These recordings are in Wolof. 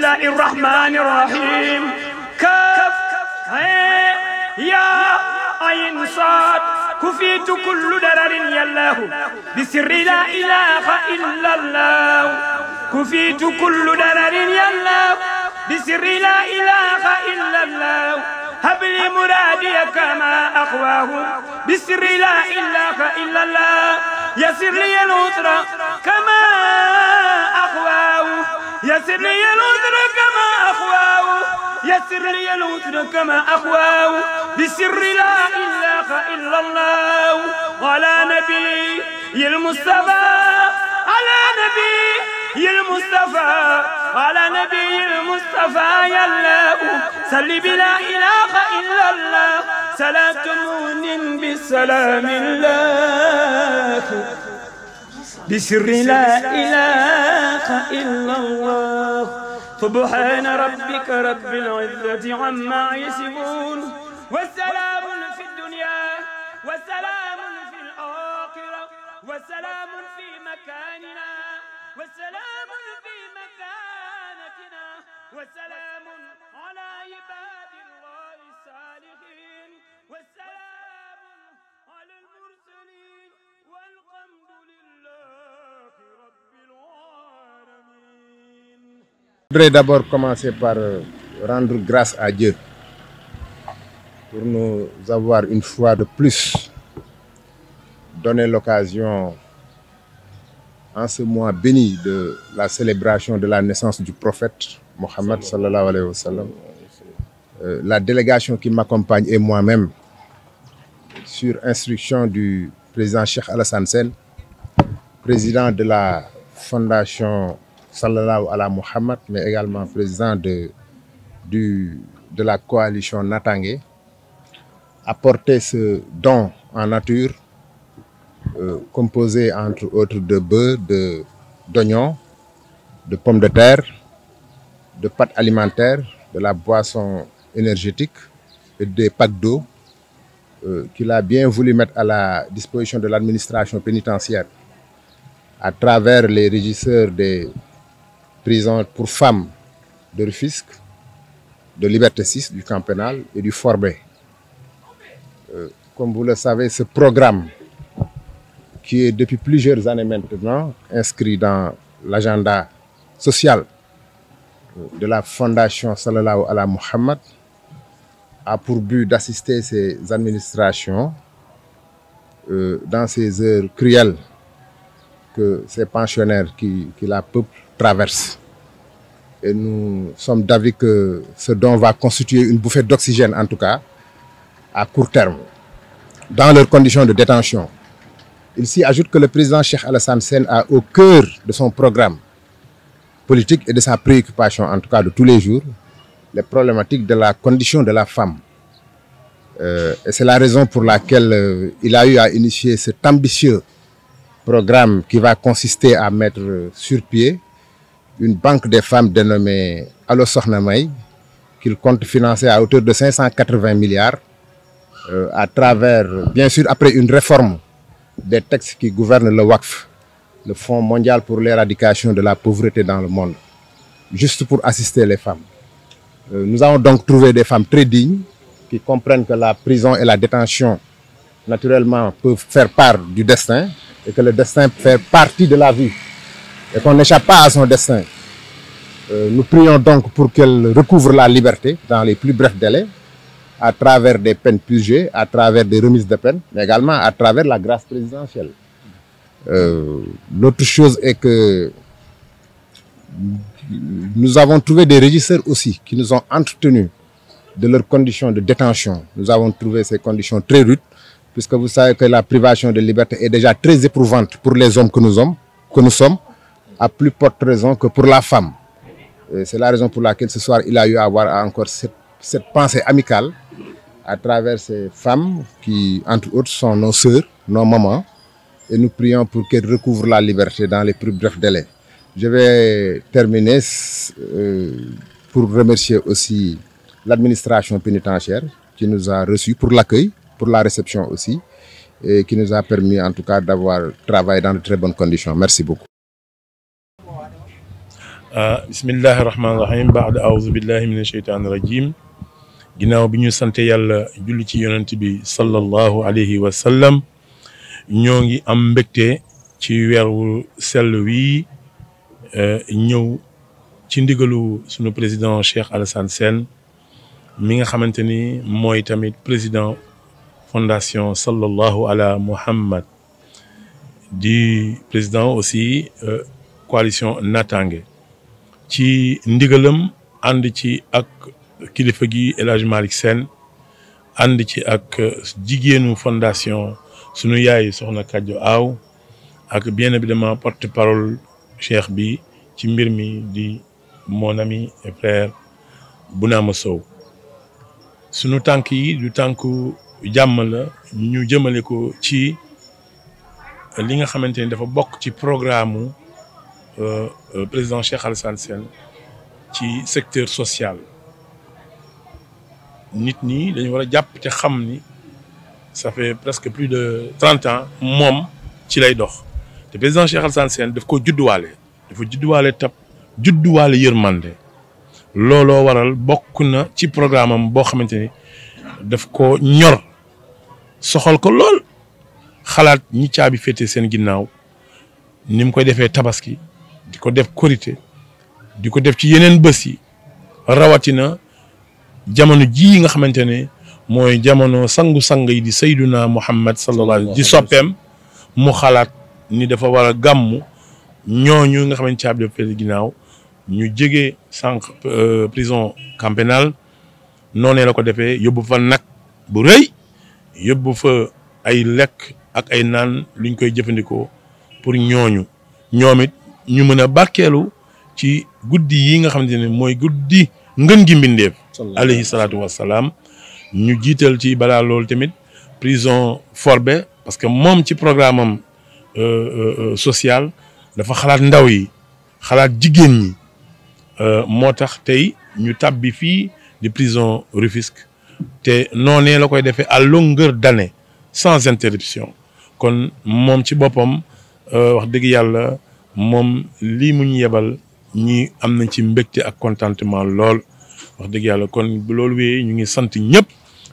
الله الرحمن الرحيم كف يا عين صاد كفيت كل درر يا الله بسر لا إله إلا الله كفيت كل درر يا الله بسر لا إله إلا الله هب لي مرادي كما أخواه بسر لا إله إلا الله يسر لي العسر كما يسر لي العذر كما أخواه يسر لي العذر كما أخواه بسر لا إله إلا الله على نبي المصطفى على نبي المصطفى على نبي المصطفى يا الله سل بلا إله إلا الله سلام من بسلام الله بسر لا إله إلا الله سبحان ربك رب العزة عما يصفون والسلام في الدنيا وسلام في الآخرة وسلام Je voudrais d'abord commencer par euh, rendre grâce à Dieu pour nous avoir une fois de plus donné l'occasion en ce mois béni de la célébration de la naissance du prophète Mohammed sallallahu alayhi wa sallam. Euh, la délégation qui m'accompagne et moi-même, sur instruction du président Cheikh Alassane Sen, président de la fondation sallallahu ala Muhammad mais également président de du de la coalition Natangué apporter ce don en nature euh, composé entre autres de bœufs, de d'oignons, de pommes de terre, de pâtes alimentaires, de la boisson énergétique et des packs d'eau euh, qu'il a bien voulu mettre à la disposition de l'administration pénitentiaire à travers les régisseurs des prison pour femmes de Rufisque, de Liberté 6 du camp pénal et du Forbet. Euh, comme vous le savez, ce programme qui est depuis plusieurs années maintenant inscrit dans l'agenda social euh, de la Fondation Sallallahu ala Muhammad a pour but d'assister ces administrations euh, dans ces heures cruelles que ces pensionnaires qui, qui la peuplent traversent. Et nous sommes d'avis que ce don va constituer une bouffée d'oxygène, en tout cas, à court terme, dans leurs conditions de détention. Il s'y ajoute que le président Cheikh Alassane Sen a au cœur de son programme politique et de sa préoccupation, en tout cas de tous les jours, les problématiques de la condition de la femme. Euh, et c'est la raison pour laquelle euh, il a eu à initier cet ambitieux programme qui va consister à mettre sur une banque des femmes dénommée Allo Sokhna May qu'il compte financer à hauteur de 580 milliards euh, à travers, bien sûr, après une réforme des textes qui gouvernent le WACF, le Fonds mondial pour l'éradication de la pauvreté dans le monde, juste pour assister les femmes. Euh, donc trouvé des femmes très dignes qui comprennent la prison et la détention, naturellement, peuvent faire part et que le destin fait partie de la vie et qu'on n'échappe pas à son destin. Euh, nous prions donc pour qu'elle recouvre la liberté dans les plus brefs délais, à travers des peines purgées, à travers des remises de peine, mais également à travers la grâce présidentielle. Euh, L'autre chose est que nous avons trouvé des régisseurs aussi qui nous ont entretenus de leurs conditions de détention. Nous avons trouvé ces conditions très rudes puisque vous savez que la privation de liberté est déjà très éprouvante pour les hommes que nous sommes, que nous sommes à plus forte raison que pour la femme. C'est la raison pour laquelle ce soir, il a eu à avoir encore cette, pensée amicale à travers ces femmes qui, entre autres, sont nos sœurs, nos mamans, et nous prions pour qu'elles recouvre la liberté dans les plus brefs délais. Je vais terminer euh, pour remercier aussi l'administration pénitentiaire qui nous a reçus pour l'accueil, pour la réception aussi, et qui nous a permis en tout cas d'avoir travaillé dans de très bonnes conditions. Merci beaucoup. Euh, bismillahi rahmaani rahim baada aouzu billahi min asheytaani rajim ginnaaw bi ñu sant yàlla julli ci yonent bi sallallahu alayhi wa sallam ñoo ngi am mbégte ci weer wu sell wii euh, ñëw ci ndigalu sunu président Cheikh Alassane Sène mi nga xamante ni mooy tamit président fondation sallallahu ala muhammad di président aussi euh, coalition Natangué ci ndigalam ànd ci ak kilifa gi El Hadj Malick Sène ànd ci ak euh, jigéenu fondation sunu yaay soxna Kajo Aw ak bien évidemment porte parole cheikh bi ci mbir mi di mon ami et frère Bounama Sow sunu tànk du tànku jàmm la ñu jëmale ko ci euh, li nga xamante ni dafa bokk ci programme euh, président Cheikh Alassane Sène ci secteur social nit ñi dañu war a jàpp te xam ni ça fait presque plus de trente ans moom ci lay dox te président Cheikh Alassane Sène daf ko judduwaale dafa judduwaale tab judduwaale yërmande looloo waral bokk na ci programme am boo xamante ni daf ko ñor soxal ko lool xalaat ñi caabi féete seen ginnaaw ni mu koy defee tabaski di ko def korité di ko def ci yeneen bës yi rawatina jamono ji nga xamante ne mooy jamono sangu-sang yi di sayduna muhammad sallallahu alayhi di soppeem mu xalaat ni dafa war a gàmm ñooñu nga xamante caabi def féete ginnaaw ñu jege sànq euh, prison campenal noonee la ko defee yóbbu fa nag bu rëy yóbbu fa ay lekk ak ay naan luñ koy jëfandikoo pour ñooñu ñoom it ñu mën a barkeelu ci guddi yi nga xamante ne mooy guddi ngën gi mbindeef alayhi salaatu wassalaam ñu jiital ci balaa loolu tamit prison Forbe parce que moom ci programme am euh, euh, euh, social dafa xalaat ndaw yi xalaat jigéen ñi moo tax tey ñu tàbbi fii di prison Rufisque te noonee la koy defee à longueur d'année sans interruption kon moom ci boppam euh, wax dëgg yàlla moom lii mu ñu yebal ñi am nañ ci mbégte ak contentement lool wax dëgg yàlla kon bu loolu wéyee ñu ngi sant ñëpp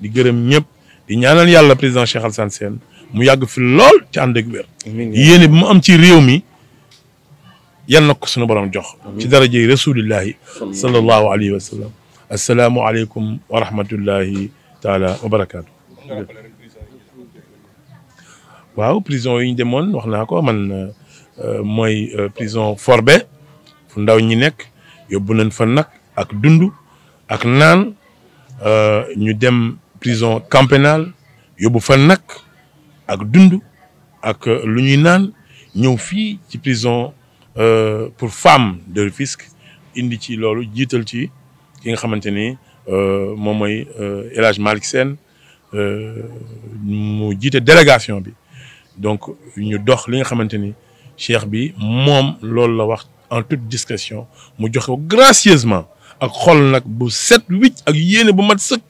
di gërëm ñëpp di ñaanal yàlla président Cheikh Alassane mu yàgg fi lool ci ànd ak wér. yéene bi mu am ci réew mi yan na ko suñu borom jox. ci darajey rasulillahi sallallahu alayhi wa sallam. asalaamualeykum wa rahmatullahi taala wa barakaatu. waaw prison yi demoon wax naa ko man euh, mooy euh, prison forbe fu ndaw ñi nekk yóbbu nañ fa nag ak dund ak naan euh, ñu dem prison Camp yóbbu fa nag ak dund ak lu ñuy naan ñëw fii ci prison pour femme de Rufisque indi ci loolu jiital ci. ki nga xamante ni euh, moom mooy euh, El Hadj Malick Sène euh, mu jiite délégation bi donc ñu dox li nga xamante ni cheikh bi moom loolu la wax en toute discrétion mu joxe ko gracieusement ak xol nag bu set wicc ak yéene bu mat sëkk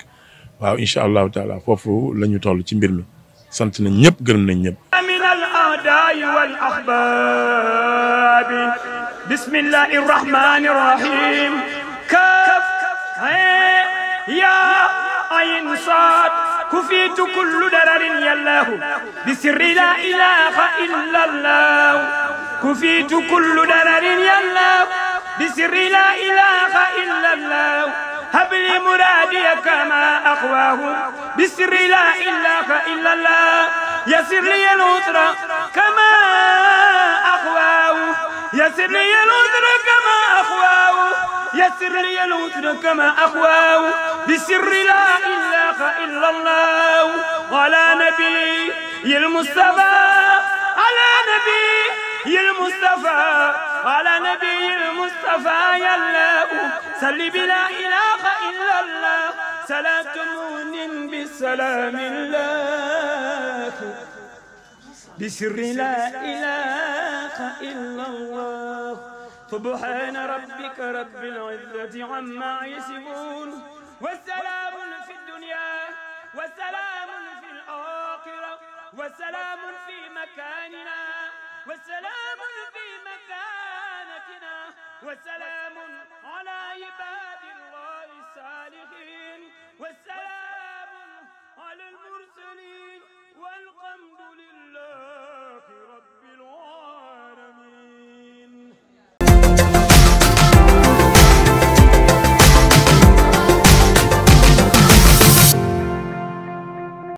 waaw incha allah taala foofu la ñu toll ci mbir mi sant nañ ñëpp gërëm nañ ñëpp min al a'daa'i wal ahbaabi يا عين صاد كفيت كل درر يا الله بسر لا إله إلا الله كفيت كل درر يا الله بسر لا إله إلا الله هب لي مرادي كما أخواه بسر لا إله إلا الله يسر لي العسر كما أخواه يسر لي العسر كما يسر لي الوتن كما أخواه بسر لا إله إلا الله على نبي المصطفى على نبي المصطفى على نبي المصطفى يا الله سل بلا إله إلا الله صلاة مؤمن بسلام الله بسر لا إله إلا الله سبحان ربك رب العزة عما يصفون والسلام في الدنيا وسلام في الآخرة وسلام في مكاننا وسلام في مكانتنا وسلام على عبادنا